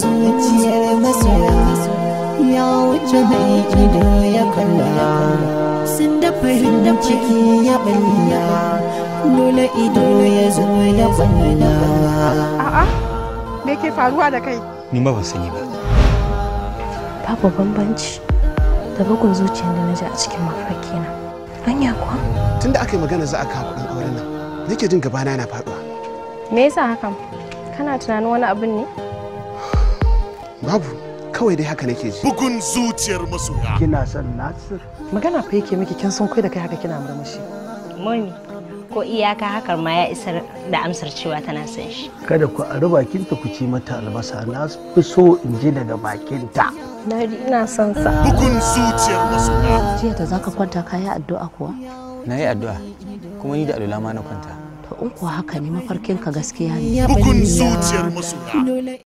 zuciyar masoya ya wuce mai ido ya kalla sun da farin ciki ya balla dole ido ya zo ya balla a'a me ke faruwa da kai ni ma ban sani ba babu bambanci da bugun zuciyar da na ji a cikin mafarki na anya kuwa tunda aka yi magana za a kawo kuɗin auren nan nake jin gabana na faɗuwa me yasa hakan kana tunanin wani abin ne babu kawai dai haka nake ji bugun zuciyar masoya kina son nasir magana fa yake miki kin san kai da kai haka kina murmushi mun ko iyaka hakar ma ya isar da amsar cewa tana son shi kada ku a bakinta ku ci mata albasa na fi so in ji daga bakinta na ina son sa bugun zuciyar masoya jiya da zaka kwanta kayi addu'a kuwa na yi addu'a kuma ni da alula ma na kwanta to in kuwa haka ne ka gaskiya ne bugun zuciyar masoya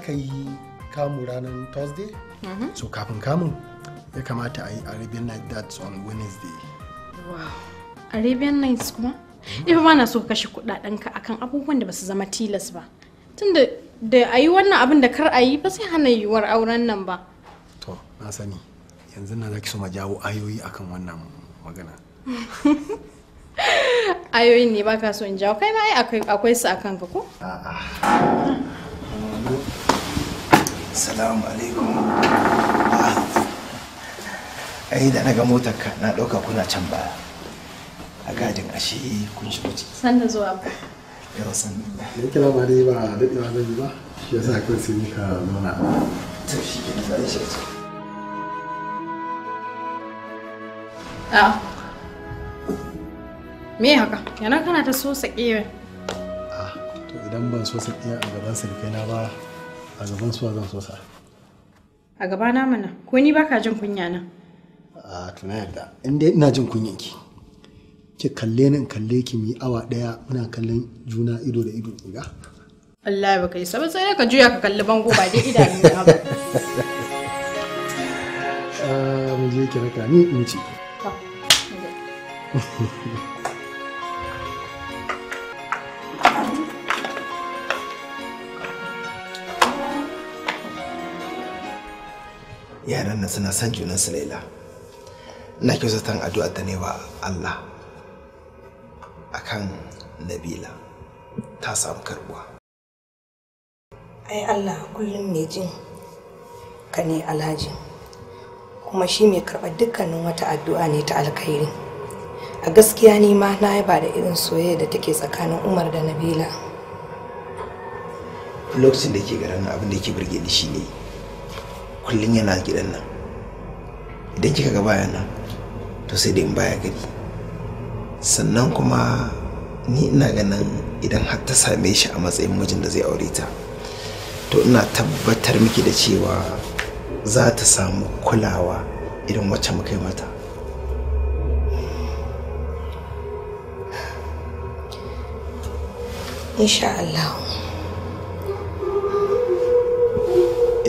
aka yi kamu ranar thursday mm-hmm. so kafin kamun ya kamata a yi arabian night that's on wednesday wow arabian nights kuma mm-hmm. ifa ma na so kashe kudadenka akan abubuwan da basu zama tilas ba tunda da a yi wannan abin da kar a yi ba sai hana yiwuwar auren nan ba to na sani yanzu na zaki so ma jawo ayoyi akan wannan magana ayoyin ne ka so in jawo kai ma akwai su akan ka ko a'a hmm. salamu alaikum ah. ai da na ga motar ka na ɗauka kuna can baya a gadin ashe kun shigo ciki sanda zuwa ba yawa sanda da kira ba dai ba daɗewa zan yi ba shi yasa akwai sai muka zauna Ta shi ke da shi a me haka yana kana ta so a ah, to idan ban so saƙewa a gaban na ba a gaban suwa zan so a gaba na mana ko ni baka jin kunya nan a tuna yadda inda ina jin kunyan ki ki kalle ni kalle ki mi awa daya muna kallon juna ido da ido ga Allah baka yi sabon sai ka juya ka kalli bango ba dai idanu ne ba ah, mu je ki raka ni in ci yaran nan suna son junan su laila na kyautatan addu'a da ne wa Allah akan Nabila ta samu karbuwa ai Allah kullum mai jin ka ne alhaji kuma shi mai karɓar dukkanin wata addu'a ne ta alkhairi a gaskiya ni ma na yaba da irin soyayya da take tsakanin umar da nabila lokacin da ke abinda abin da ke burge ni shine ne kullum yana gidan nan idan kika ga baya nan to sai dai in baya gari sannan kuma ni ina ganin idan har ta same shi a matsayin mijin da zai aure ta to ina tabbatar miki da cewa za ta samu kulawa irin wacce muka yi mata insha Allah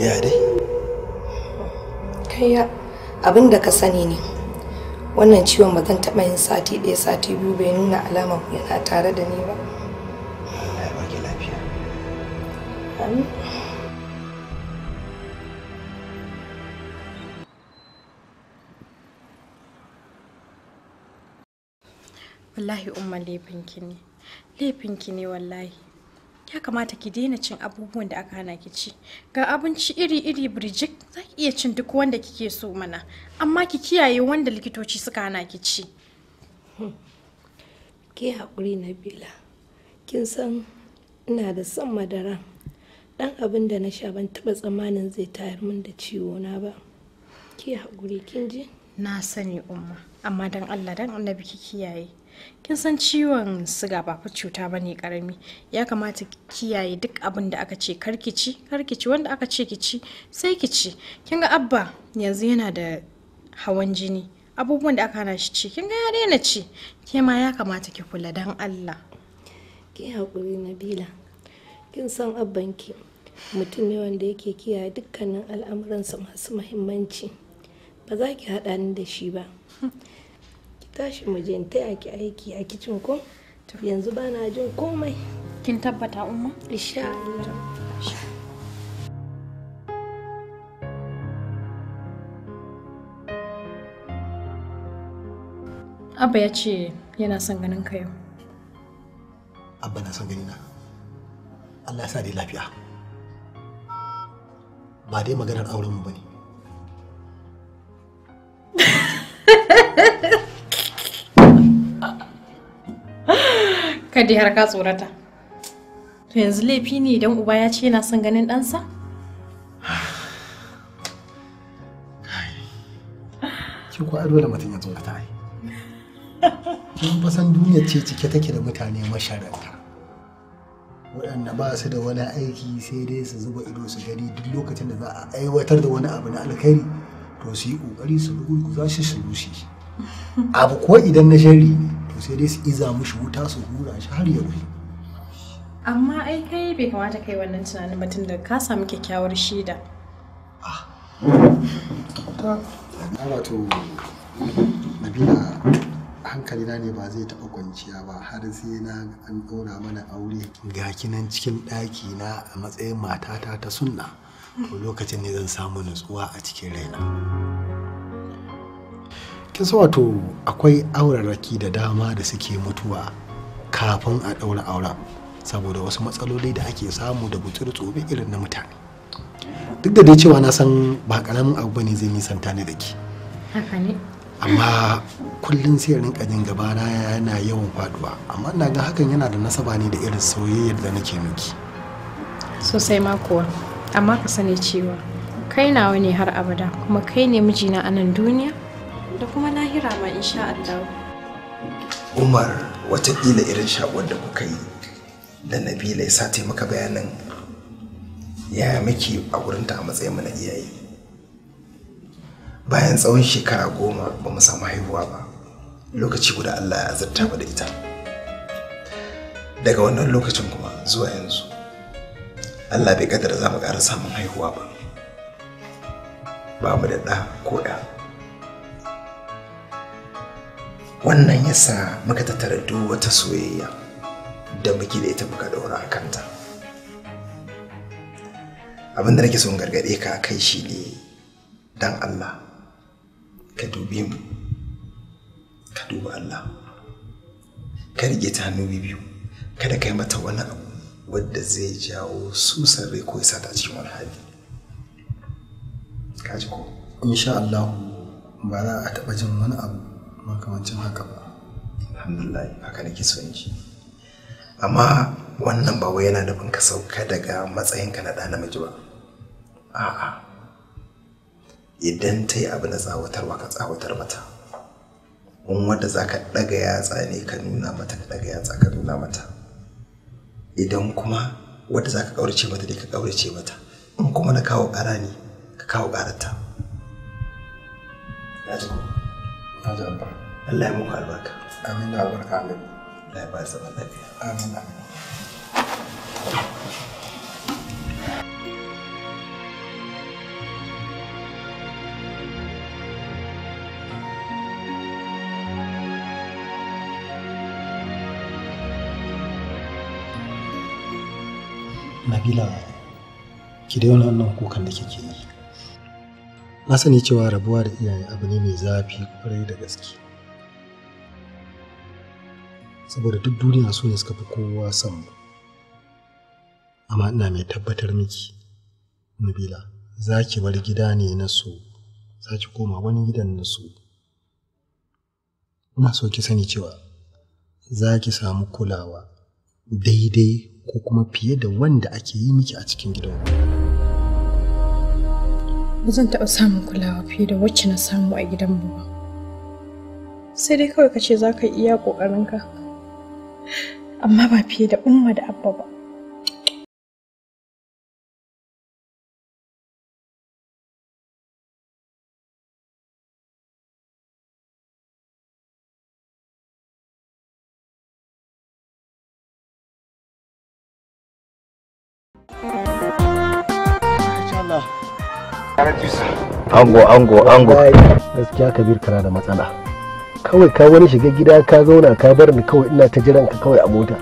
ya dai kayya abin da ka sani ne wannan ciwon ba zan taɓa yin sati ɗaya sati biyu bai nuna alamar yana tare da ni ba Allah ya baki lafiya amin wallahi umma laifinki ne laifinki ne wallahi ya kamata ki daina cin abubuwan da aka hana ki ci ga abinci iri-iri birjik za ki iya cin duk wanda kike so mana amma ki kiyaye wanda likitoci suka hana ki ci ke haƙuri na bila kin san ina da son madara dan abin da na sha ban taɓa tsammanin zai tayar min da ciwo na ba ke haƙuri kin ji na sani umma amma don allah don annabi ki kiyaye kin san ciwon siga ba fa cuta ba ne karami ya kamata kiyaye duk abin da aka ce karki ci karki ci wanda aka ce ki ci sai ki ci kin ga abba yanzu yana da hawan jini abubuwan da aka hana shi ci kin ga ya daina ci ke ma ya kamata ki kula dan Allah ki hakuri Nabila kin san abbanki mutum ne wanda yake kiyaye dukkanin al'amuransa masu muhimmanci ba za ki haɗa ni da shi ba tashi mu je taya ki aiki a kicin ko yanzu ba na jin komai kin tabbata umma insha Allah Abba ya ce yana son ganin ka yau. Abba na son ganina. Allah ya sa dai lafiya. Ba dai maganar auren mu ba ne. kai dai har ka tsorata to yanzu laifi ne idan uba ya ce yana son ganin ɗansa kin ko dole mutum ya tsorata ai kin ba san duniya ce cike take da mutane masharanta waɗanda ba su da wani aiki sai dai su zuba ido su gani duk lokacin da za a aiwatar da wani abu na alkhairi to su yi ƙoƙari su rugu shi su rushe abu ko idan na sharri ne sai dai su iza mushi wuta su hura shi har ya rufe amma ai kai bai kamata kai wannan tunanin batun da ka samu kyakkyawar shida ah ta wato nabila na ne ba zai taɓa kwanciya ba har sai na an ɗora mana aure ga nan cikin ɗaki na a matsayin matata ta sunna to lokacin ne zan samu nutsuwa a cikin raina kin san wato akwai auraraki da dama da suke mutuwa kafin a ɗaura auren saboda wasu matsaloli da ake samu da gutsuru tsobe irin na mutane duk da dai cewa na san ba karamin abu bane zai nisanta ni da ke haka ne amma kullum sai rinka jin gaba na yana yawan faduwa amma ina ga hakan yana da nasaba ne da irin soyayyar da nake miki sosai ma kuwa amma ka sani cewa kai nawa ne har abada kuma kai ne mijina a nan duniya da kuma nahira ma insha Allah. Umar watakila irin shaƙon da kuka yi da Nabila ya sa taimaka bayanin yaya muke a ta a matsayin mana iyaye. Bayan tsawon shekara goma ba mu samu haihuwa ba, lokaci guda Allah ya azurta mu da ita. Daga wannan lokacin kuma zuwa yanzu, Allah bai kadar za mu ƙara samun haihuwa ba. Ba mu da ɗa ko ɗa. wannan yasa muka tattara duk wata soyayya da muke da ita muka ɗaura a kanta abin da nake son gargaɗe ka kai shi ne don allah ka dubi mu ka duba allah ka rige ta hannu biyu kada kai mata wani abu wadda zai jawo susar rai ko yasa ta cikin wani hali ka ji ko insha allah ba za a taɓa jin wani abu makamancin haka ba alhamdulillah haka nake son ji amma wannan ba wai yana nufin ka sauka daga matsayinka na ɗa namiji ba a'a idan ta yi abu na tsawatarwa ka tsawatar mata in wanda za ka ɗaga yatsa ne ka nuna mata ka ɗaga yatsa ka nuna mata idan kuma wanda za ka ƙaurace mata ne ka ƙaurace mata in kuma na kawo ƙara ne ka kawo ƙararta. ta. Haji Abba. Allah ya muku albarka. Amin albarka amin. Allah ya ba zaman lafiya. Nabila, ki dai wannan kukan da kike yi. na sani cewa rabuwa da iyaye abu ne mai zafi kwarai da gaske saboda duk duniya so ne suka fi kowa son mu amma ina mai tabbatar miki nabila za ki bar gida ne na so za ki koma wani gidan na so ina so ki sani cewa za ki samu kulawa daidai ko kuma fiye da wanda ake yi miki a cikin gidan ku. ba zan taɓa samun kulawa fiye da wacce na samu a gidanmu ba sai dai kawai ka ce za ka iya ƙoƙarinka amma ba fiye da umma da abba ba ango ango ango gaskiya kabir kana da matsala kawai ka wani shiga gida ka zauna ka bar ni kawai ina ta jiran ka kawai a mota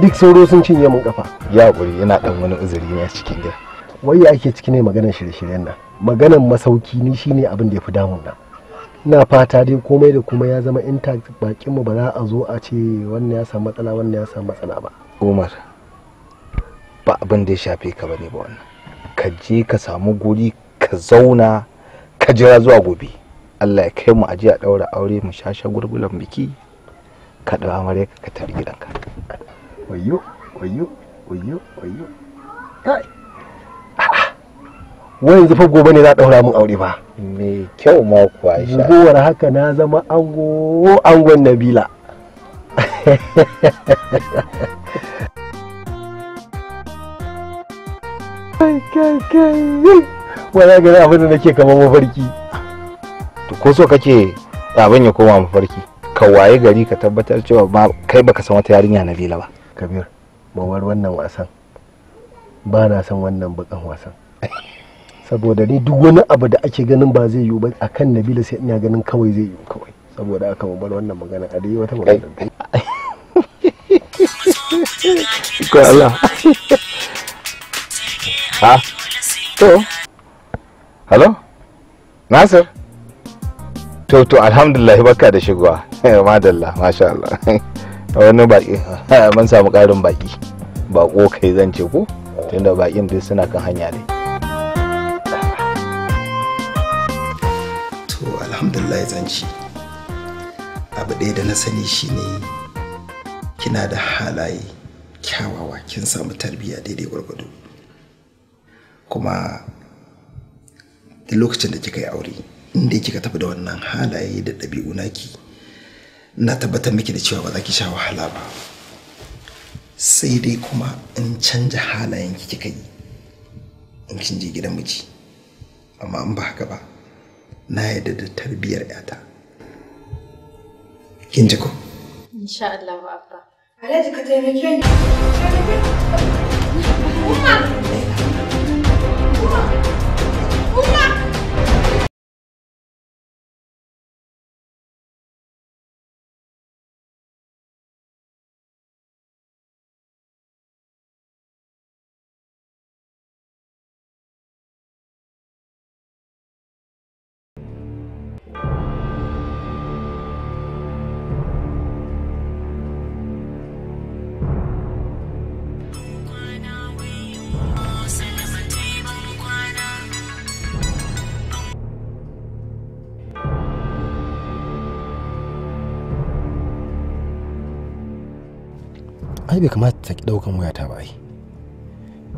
duk sauro sun cinye mun kafa ya guri yana dan wani uzuri ne a cikin gida wai ya ake cikin maganar shirye-shiryen nan maganar masauki ni shine abin da ya fi damun na ina fata dai komai da kuma ya zama intact bakin mu ba za a zo a ce wannan ya samu matsala wannan ya samu matsala ba Umar ba abin da ya shafe ka bane ba wannan ka je ka samu guri ka zauna ka jira zuwa gobe allah ya kai mu aji a ɗaura aure mu sha shagulgulan biki ka ɗau amare ka ka tafi gidanka wayo wayo wayo wayo wai yanzu fa gobe ne za a ɗaura mun aure ba me kyau ma kuwa isha gowar haka na zama ango angon nabila kai kai kai kuma za ka yi abin da nake kamar mafarki ko so kake abin ya koma mafarki ka waye gari ka tabbatar cewa ma kai baka san wata yarinya na lila ba kabir mawar wannan wasan ba na san wannan bakan wasan saboda ni duk wani abu da ake ganin ba zai yiwu ba a kan nabila sai ina ganin kawai zai yiwu kawai saboda aka bar wannan magana a dai wata magana ko Allah ha to Halo? Nasir? To to alhamdulillah barka da shigowa. Madalla, masha Allah. Wani baki mun samu ƙarin baki. Bako kai zan ce ko? Tunda bakin dai suna kan hanya ne. To alhamdulillah zan ci. Abu ɗaya da na sani shine kina da halaye kyawawa kin samu tarbiyya daidai gwargwado. Kuma da lokacin da kika yi aure inda kika tafi da wannan halaye da ɗabi'u naki na tabbatar miki da cewa ba za ki sha wahala ba sai dai kuma in canja halayen ki kika yi in kin je gidan miji amma in ba haka ba na yadda da tarbiyyar yata kin ji ko insha Allah ba abba Alhaji ka taimake ni Come on. ai bai kamata ta ki ɗaukan wayata ba ai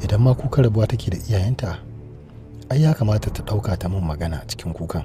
idan ma kuka rabuwa take da iyayenta ai ya kamata ta ɗauka ta min magana cikin kukan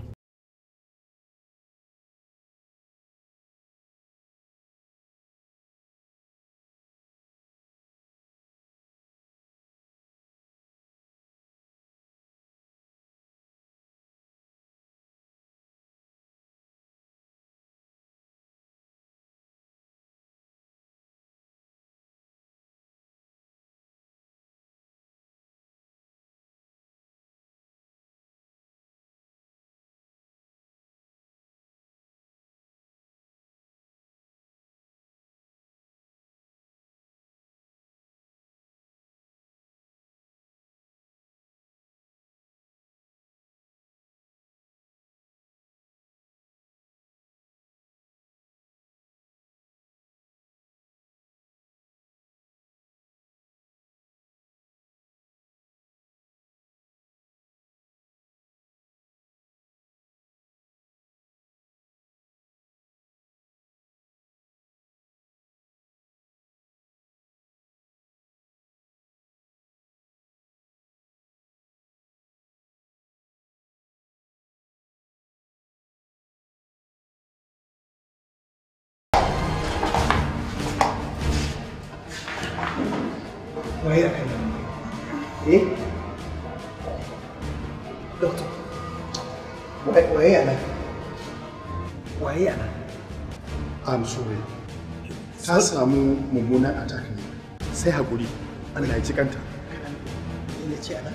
waye a ايه دكتور وهي وهي انا وهي انا a nan i'm sorry ta samu mummunan attack ne sai haƙuri Allah ya ci kanta. Ina ce ana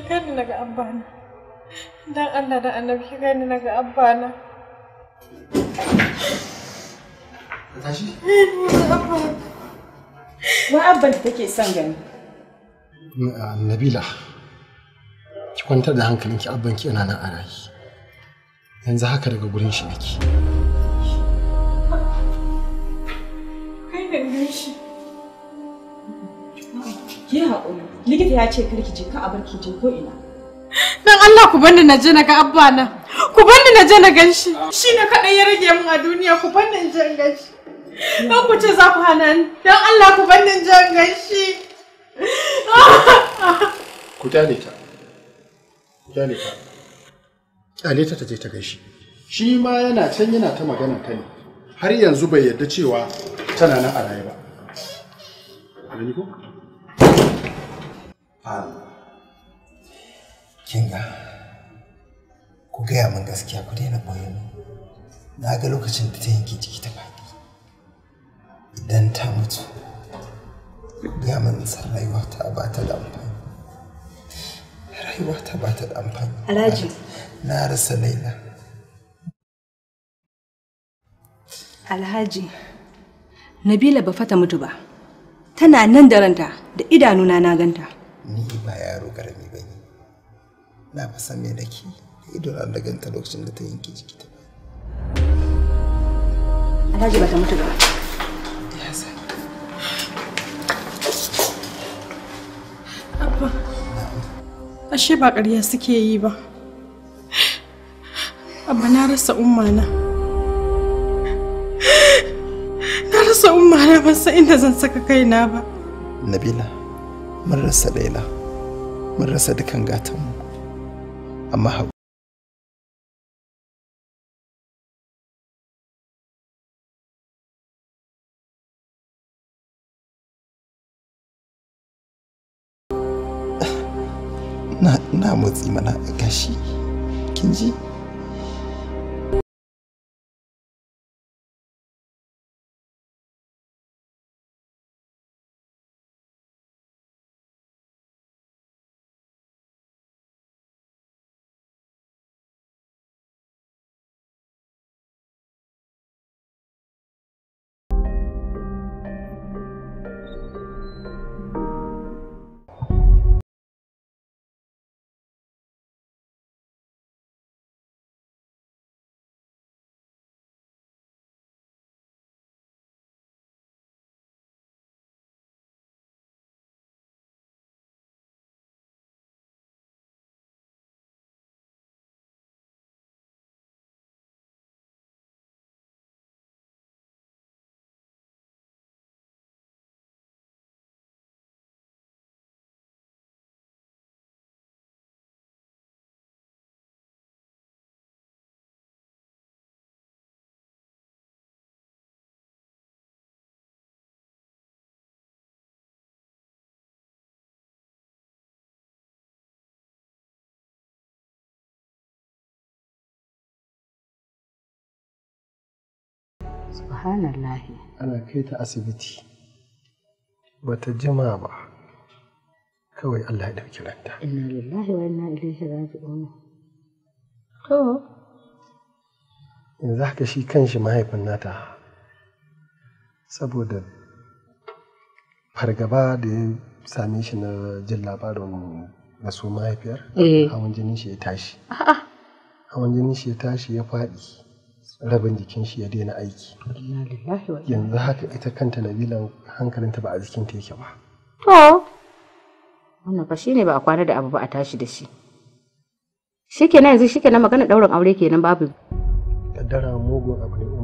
ki gani na ga abbana don allah da annabi ki gani na ga na. wa abban da take son gani nabila ki kwantar da hankalinki abban ki yana nan a rayi yanzu haka daga gurin shi nake kai da shi Ki haƙuri, likita ya ce kar ki je ka abar ki je ko ina. Dan Allah ku bani na je na ga abba na. Ku bani na je na gan shi. Shi ne kaɗai ya rage mun a duniya ku bani in je na gan shi. ku ce za ku hana ni. Dan Allah ku bani in je na gan shi. Ku dale ta. Ku dale ta. Dale ta ta je ta gaishe. shi. ma yana can yana ta magana ta ne. Har yanzu bai yadda cewa tana nan a raye ba. ko? Allah. Kinga, ku gaya min gaskiya ku daina boye Na ga lokacin da ta yanke jiki ta baki. Idan ta mutu, ku gaya min san rayuwa ta ba ta da amfani. Rayuwa ta ba ta da amfani. Alhaji. Na rasa Laila. Alhaji, Nabila ba fata mutu ba. Tana nan da ranta da idanuna na ganta. ni ba yaro karami ba ne na fa san me nake da ido na da ganta lokacin da ta yanke jiki ta ba Alhaji ba ta mutu ba ya san Abba ashe ba ƙarya suke yi ba Abba na rasa umma na na rasa umma na ban san inda zan saka kaina ba Nabila mun rasa laila mun rasa dukan gatanmu amma na motsi mana gashi kin ji subhanallah ana kai ta asibiti bata jima ba kawai Allah ya ɗauki ranta inna lillahi wa inna ilaihi raji'un to yanzu haka shi kanshi mahaifin nata saboda fargaba da ya same shi na jin labarin su mahaifiyar eh. hawan jinin shi ya tashi hawan jinin shi ya tashi ya faɗi rabin jikin shi ya daina aiki yanzu haka ita kanta nabilan hankalinta ba a jikinta yake ba to wannan fa shine ba a kwana da abu ba a tashi da shi shikenan yanzu shikenan magana daurin aure kenan babu kaddara mugun abu ne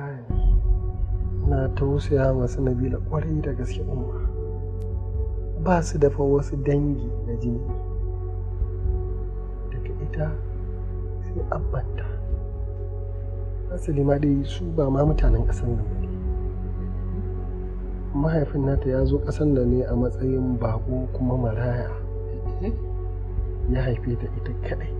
kayan na tausaya masu nabila kwarai da gaske umma ba su dafa wasu dangi na jini daga ita sai abbanta asali ma dai su ba ma mutanen ƙasar nan ne mahaifin nata ya zo ƙasar nan ne a matsayin bako kuma maraya ya haife ta ita kaɗai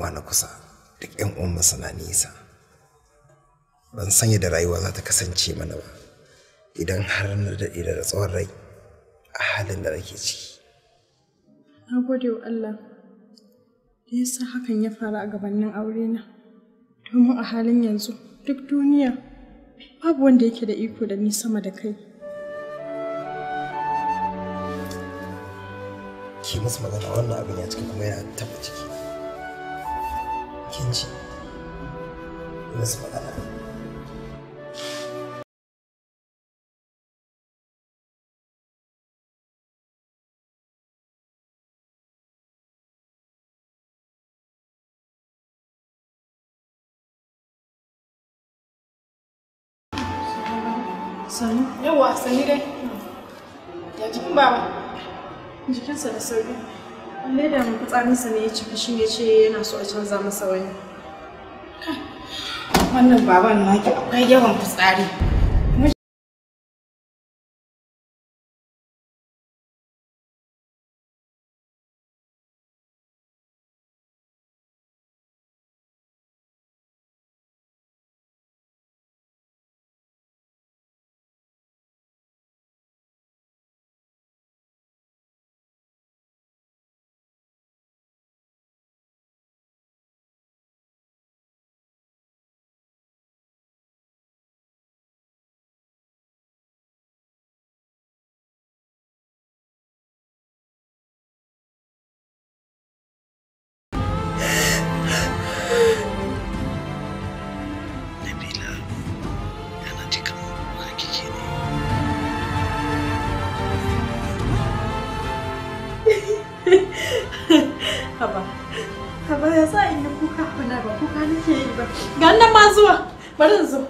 uwa na kusa duk yan uwan suna nisa ban san yadda rayuwa za ta kasance mana ba idan har na daɗe da tsawon rai a halin da nake ciki na gode wa Allah da ya sa hakan ya faru a gabanin aure na domin a halin yanzu duk duniya babu wanda yake da iko da ni sama da kai ki musu magana wannan abin ya cika kuma yana taɓa ciki kin ji wasu magana Sani? Yawa, sani dai. Ya jikin baba. Jikinsa da sauri. Ledan fitsarinsa ne ya cika shi ne ce yana so a canza masa wani. Wannan baban naki akwai yawan fitsari. ga nan ma zuwa bari zo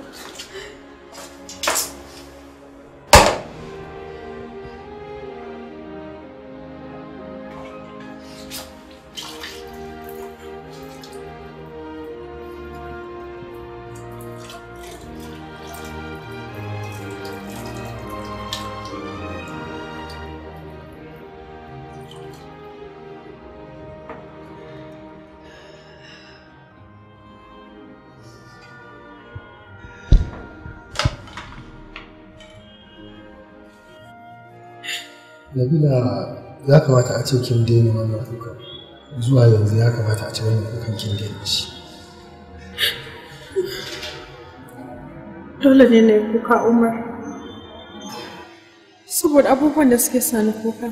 nabila ya kamata a ce kin daina wannan kukan zuwa yanzu ya kamata a ce wannan kukan kin daina shi dole ne na yi kuka umar saboda abubuwan da suke sani kuka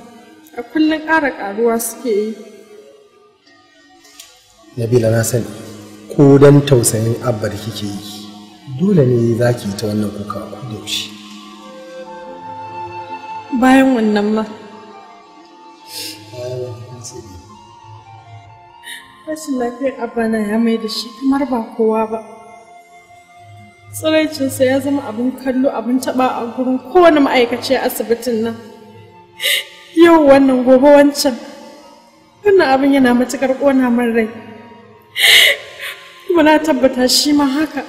a kullum ƙara ƙaruwa suke yi nabila na sani ko don tausayin abba da kike yi dole ne za ki yi ta wannan kuka ko yaushe bayan wannan ma rashin lafiyar abana ya mai da shi kamar ba kowa ba tsiraicinsa ya zama abin kallo abin taba a gurin kowane ma'aikaci a asibitin nan yau wannan gobe wancan wannan abin yana matukar ƙona min rai kuma na tabbata shi ma haka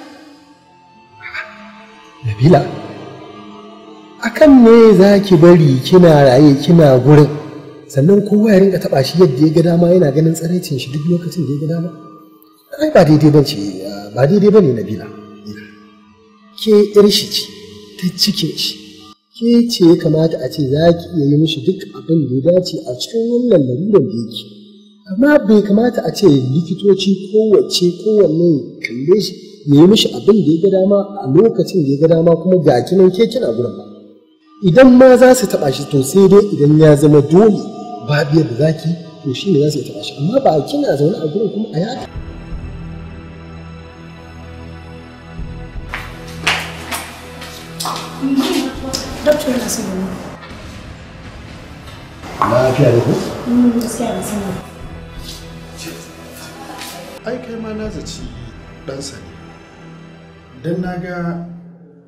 nabila akan ne za ki bari kina raye kina gurin sannan kowa ya rinka taɓa shi yadda ya ga dama yana ganin tsaraicin shi duk lokacin da ya ga dama ai ba daidai ba ce ba daidai ba ne bila ke yar ce ta cikin shi ke ce ya kamata a ce za ki iya yi mishi duk abin da ya dace a cikin wannan laluran da yake amma bai kamata a ce likitoci kowace kowanne kalle shi ya yi mishi abin da ya ga dama a lokacin da ya ga dama kuma ga kinan ke kina gurin ba idan ma za su taɓa shi to sai dai idan ya zama dole babiyar da zaki to shi ne za su iya taɓa amma ba a kina zaune a gurin kuma a yaka Doktor yana son gani. Lafiya ne ko? Mm, gaskiya na Ai kai ma na zaci ɗansa sani Don na ga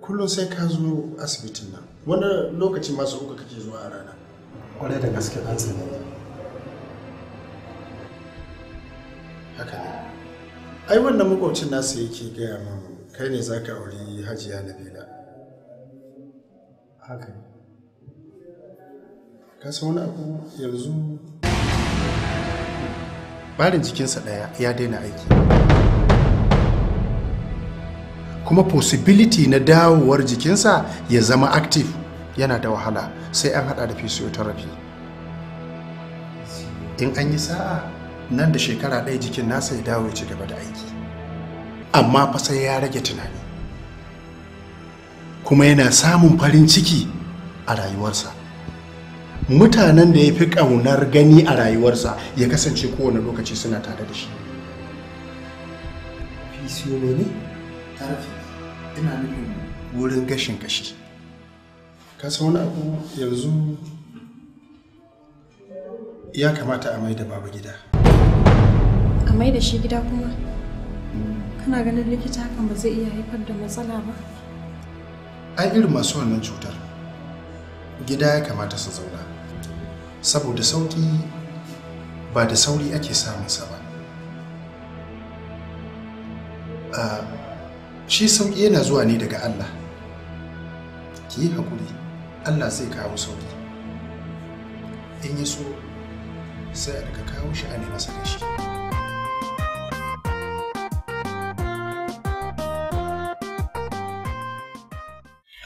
kullum sai ka zo asibitin nan. Wani lokaci masu uku kake zuwa a rana. kwarai da gaske ɗan ne haka ne ai wannan makwabcin nasu yake gaya min kai ne za ka auri hajiya na bela? haka ne ka san wani abu yanzu barin jikinsa ɗaya ya daina aiki kuma possibility na dawowar jikinsa ya zama active yana da wahala sai an hada da physiotherapy in an yi sa'a nan da shekara ɗaya jikin nasa ya dawo ya ci gaba da aiki amma fa sai ya rage tunani kuma yana samun farin ciki a rayuwarsa mutanen da ya fi ƙaunar gani a rayuwarsa ya kasance kowane lokaci suna tare da shi ina nufin wurin gashin kashi kasan wani abu yanzu ya kamata a mai da baba gida a mai da shi gida kuma kana ganin likita hakan ba zai iya haifar da matsala ba ai irin masu wannan cutar gida ya kamata su zauna saboda sauki ba da sauri ake samunsa ba ah, shi sauki yana zuwa ne daga allah ki yi haƙuri allah zai kawo sauki in ya so sai a daga kawo shi a ne masa da shi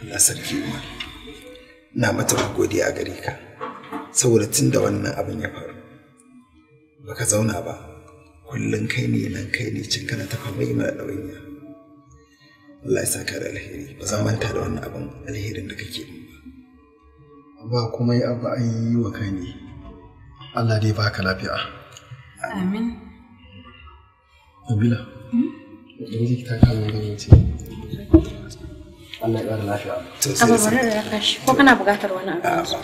Allah sarki Umar na matuƙar godiya a gare ka saboda tun da wannan abin ya faru baka zauna ba kullum kai ne nan kai ne cin kana ta fama mana ɗawainiya Allah ya saka da alheri ba zan manta da wannan abin alherin da kake yi ba kuma yi abu an yi wa kai ne Allah dai baka lafiya amin Nabila yanzu hmm? ta kama ganin ce Allah ya ƙara lafiya abu bari da ya kashi ko kana bukatar wani abu ah,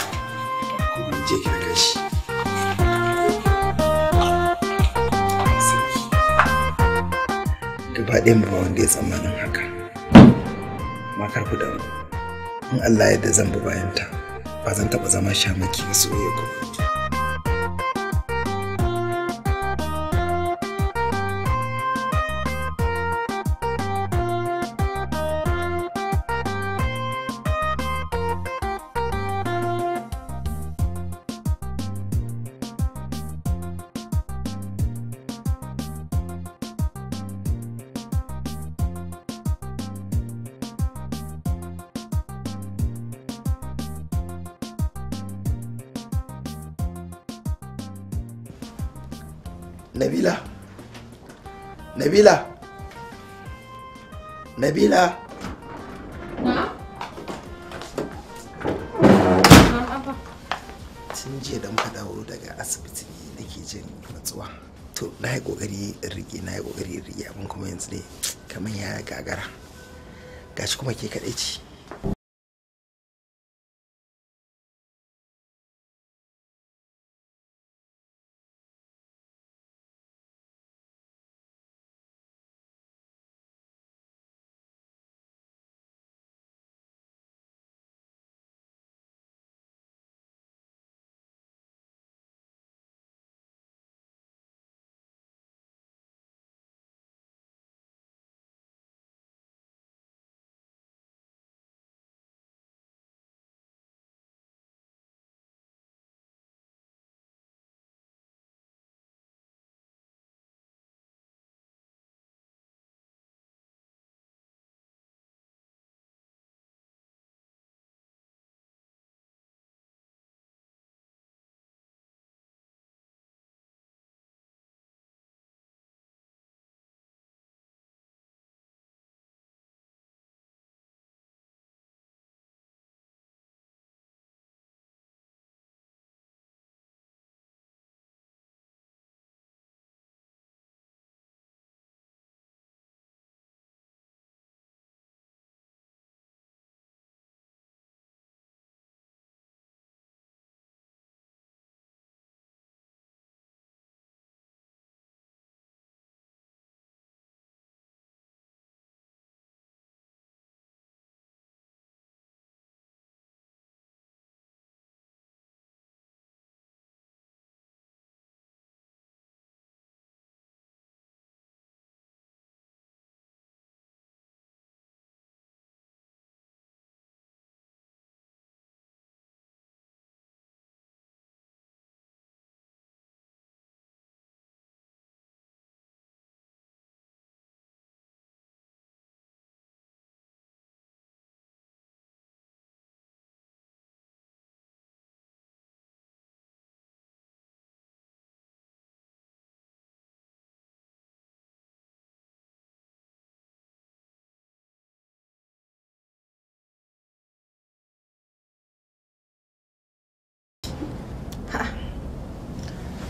kuma je ka kashi gaba ɗayan ba wanda ya tsammanin haka makar ku da in Allah yadda zan bi bayanta. ta ba zan taɓa zama shamaki na soyayya ku nabila nabila nabila tun jiya da muka dawo daga asibiti ne nake jin matsuwa to na yi kokari in rike na yi kokari in rike abin kuma yanzu ne kamar ya gagara gashi kuma ke kaɗai ce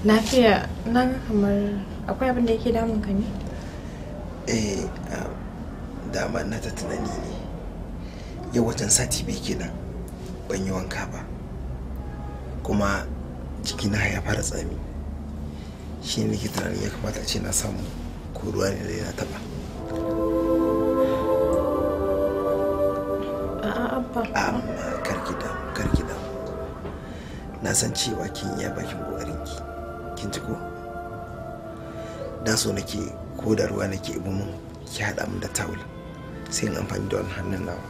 lafiya na ga kamar akwai abin da yake damun ka ne eh dama na ta tunani ne yau wajen sati biyu kenan ban yi wanka ba kuma jikina ya fara tsami shi ne ke tunanin ya kamata ce na samu ko ruwa ne da yana taba amma karki damu karki damu na san cewa kin iya bakin kokari cikin ci ko da so nake ko da ruwa nake ibo mun ki haɗa mun da tawul sai in amfani da wannan hannun nawa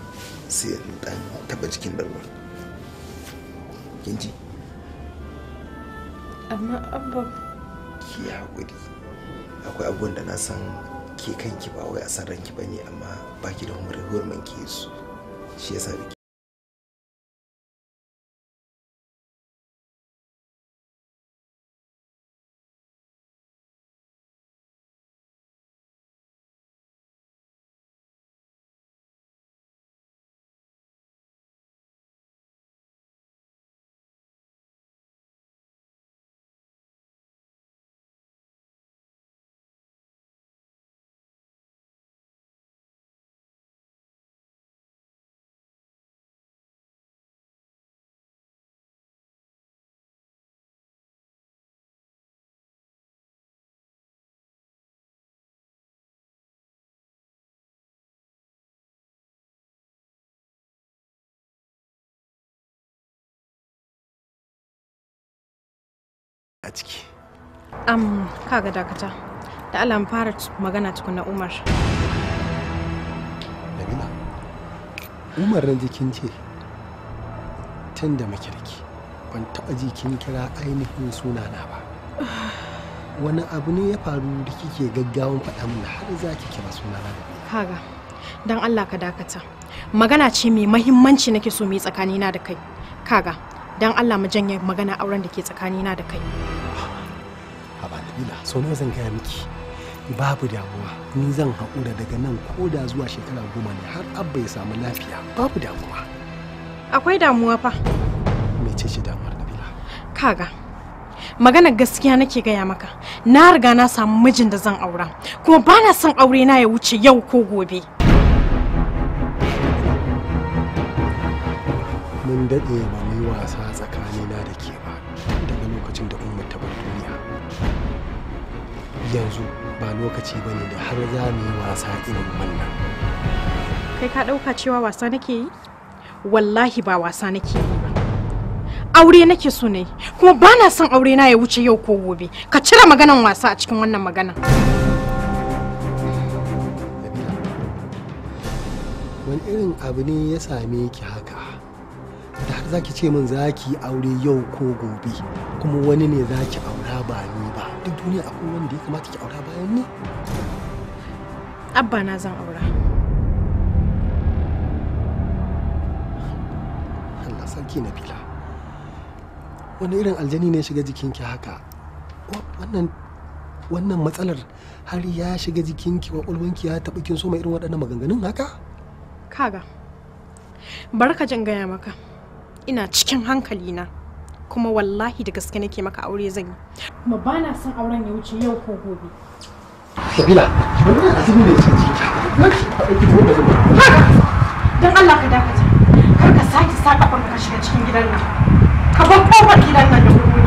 sai in dan taba jikin da ruwa kin ji amma abba ki haƙuri akwai abubuwan da na san ke kanki ba wai a san ranki bane amma baki da hurumin ki su shi yasa ciki am kaga dakata da Allah mu fara magana tukun na Umar Lamina, Umar ran jikin ce tun da muke ban taɓa jikin kira ainihin sunana ba wani abu ne ya faru da kike gaggawan faɗa mun har za ki kira sunana da kaga don Allah ka dakata magana ce mai mahimmanci nake so mu yi tsakanina da kai kaga don Allah mu janye magana auren da ke tsakanina da kai kabila so nawa zan gaya miki babu damuwa ni zan haƙura daga nan ko da zuwa shekara goma ne har abba ya samu lafiya babu damuwa akwai damuwa fa mece ce damuwar kabila kaga magana gaskiya nake gaya maka na riga na samu mijin da zan aura kuma ba na son aure na ya wuce yau ko gobe mun daɗe ba mai wasa tsakanin yanzu ba lokaci ba ne da har za mu yi wasa irin wannan kai ka ɗauka cewa wasa nake yi wallahi ba wasa nake yi ba aure nake so ne kuma ba na son aure na ya wuce yau ko gobe ka cire maganan wasa a cikin wannan maganan wani irin abu ne ya same ki haka da har zaki ce min zaki aure yau ko gobe kuma wani ne zaki aura ba ni ba duk duniya akwai wanda ya kamata ki aura bayan ni abba na zan aura Allah sarki bila wani irin aljani ne shiga jikinki haka wannan wannan matsalar har ya shiga jikinki ki ya taɓa kin mai irin waɗannan maganganun haka kaga barka jin gaya maka ina cikin hankalina kuma wallahi da gaske nake maka aure zan yi kuma ba na son auren ya wuce yau ko gobe sabila ba na asibi ne cikin don Allah ka dakata kar ka sake sa kafan ka shiga cikin gidan nan ka bar kofar gidan nan da wuri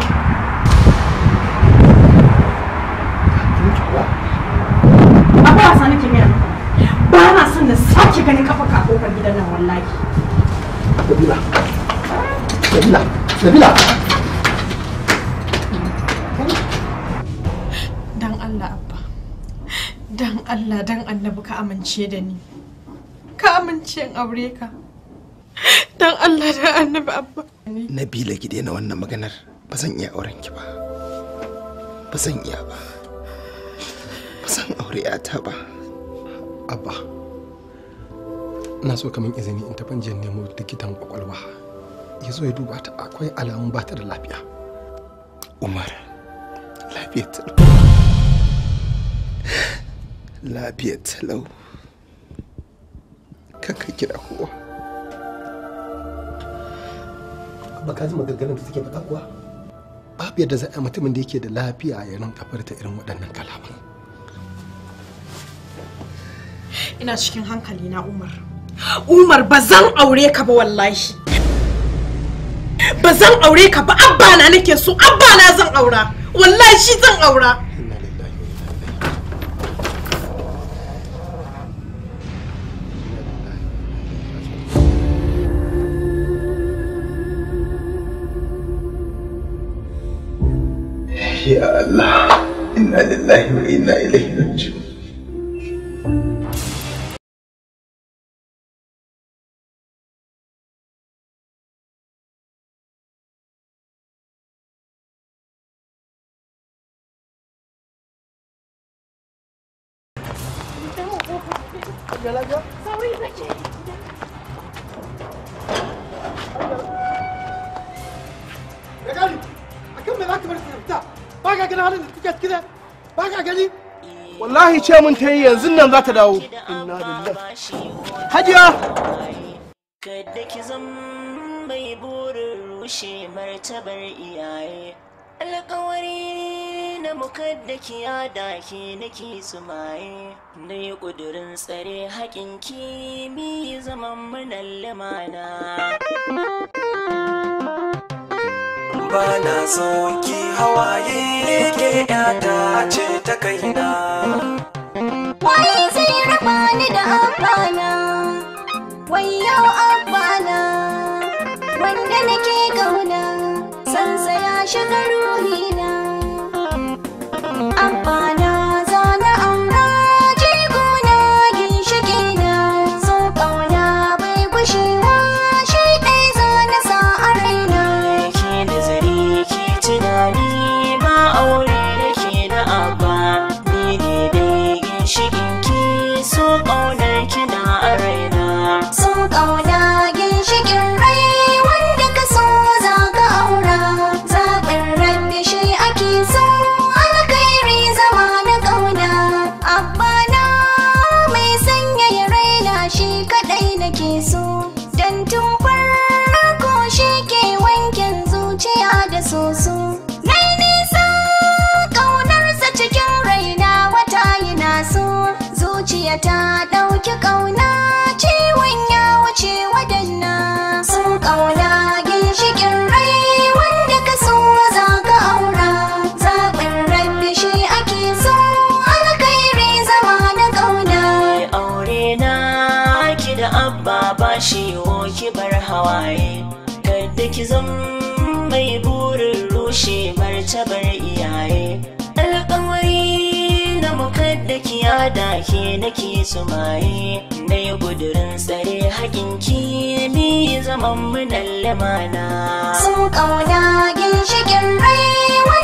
abu a sani ke miya ba na son na sake ganin kafa ka kofar gidan nan wallahi sabila sabila Nabila. Dan Allah Abba. Dan Allah dan Annabi ka amince da ni. Ka amince in aure ka. Dan Allah dan Annabi Abba. Nabila ki daina wannan maganar. Ba zan iya auren ki ba. Ba zan iya ba. Ba zan aure ta ba. Abba. na so kamar izini in taɓa jin nemo likitan kwakwalwa. ya zo ya duba ta akwai alamun ba ta da lafiya umar lafiya talau lafiyar talau kanka kira kowa ba ka ji maganganun da suke faɗa kuwa babu yadda za a mutumin da yake da lafiya ya kafar ta irin waɗannan kalaman ina cikin hankali na umar umar ba zan aure ka ba wallahi ba zan aure ka ba abba na nake so abba na zan aura wallahi shi zan aura Ya Allah, inna lillahi wa inna ilaihi raji'un. ce mun ta yi yanzu nan za ta dawo inna hajiya kada ki zan bai burin rushe martabar iyaye alkawari na mukaddaki ya dake nake sumaye na yi ƙudurin tsare haƙin kimi zaman manan limana ba na so ki hawaye ke yata ce ta kaina Wai sai raba ni da amfana, wai yau amfana, wanda nake gauna, san saya garu. zan mai burin rushe martabar iyaye alƙawari na mukadda kiya da ke nake sumaye na yi gudurin tsare haƙin ki zaman munan lamana sun ƙauna ginshikin rai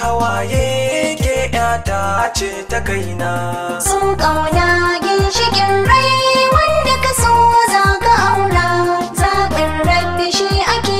hawaye ke yata ce ta kaina sun ƙauna ginshikin rai wanda ka so za ka zaɓin rabbi shi ake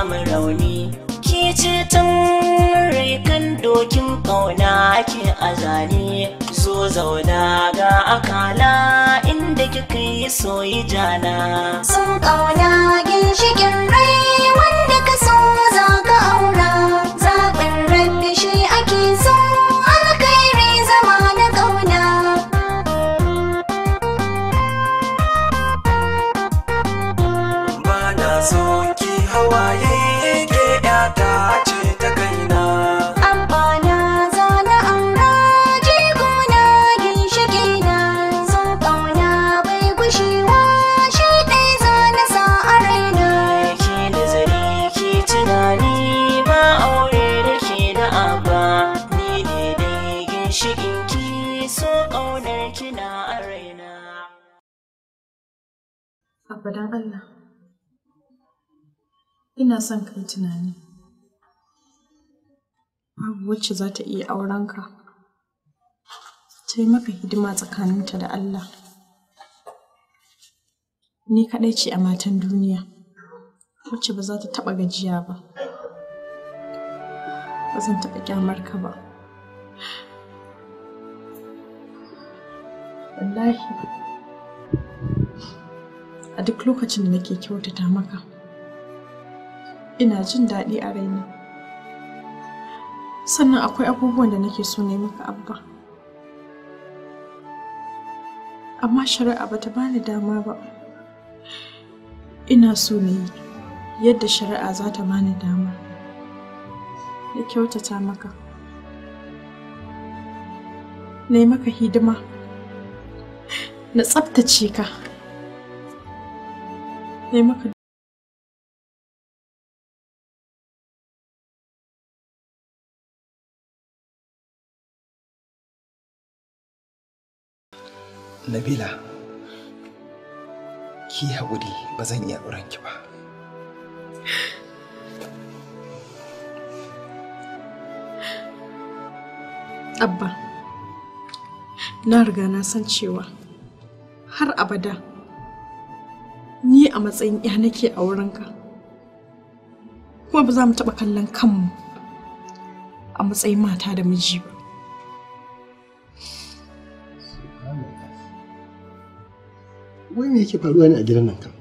samu rauni ki ce tun rikan dokin ƙauna ke azane zo zauna ga akala inda kika yi soyi jana sun ƙauna ginshikin rai son kai tunani. Babu wacce za ta iya aurenka. Ta yi maka hidima tsakaninta da Allah. Ni kaɗai ce a matan duniya, wacce ba za ta taɓa gajiya ba. Ba zan taɓa kyamar ka ba. Wallahi, a duk lokacin da nake kyautata maka. ina jin daɗi a raina sannan akwai abubuwan da nake so ne maka abba amma shari'a ba ta bani dama ba ina so ne yadda shari'a za ta bani dama na kyautata maka na yi maka hidima na tsabtace ka na yi maka Nabila, ki haƙuri ba zan iya auren ba. Abba, na riga na san cewa har abada ni a matsayin ya nake a wurinka. Kuma ba za mu taɓa kallon kanmu a matsayin mata da miji ba. me yake faruwa ne a gidan nan kan?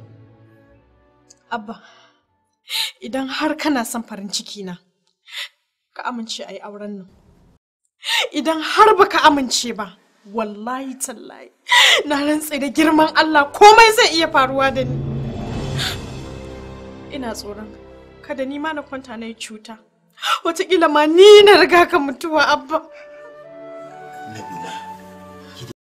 Abba, idan har kana son farin ciki na, ka amince a auren nan. Idan har baka amince ba, wallahi tallahi, na rantse da girman Allah komai zai iya faruwa da ni. Ina tsoron, kada ni ma na kwanta na yi cuta. Wataƙila ma ni na riga ka mutuwa, Abba. Nabila.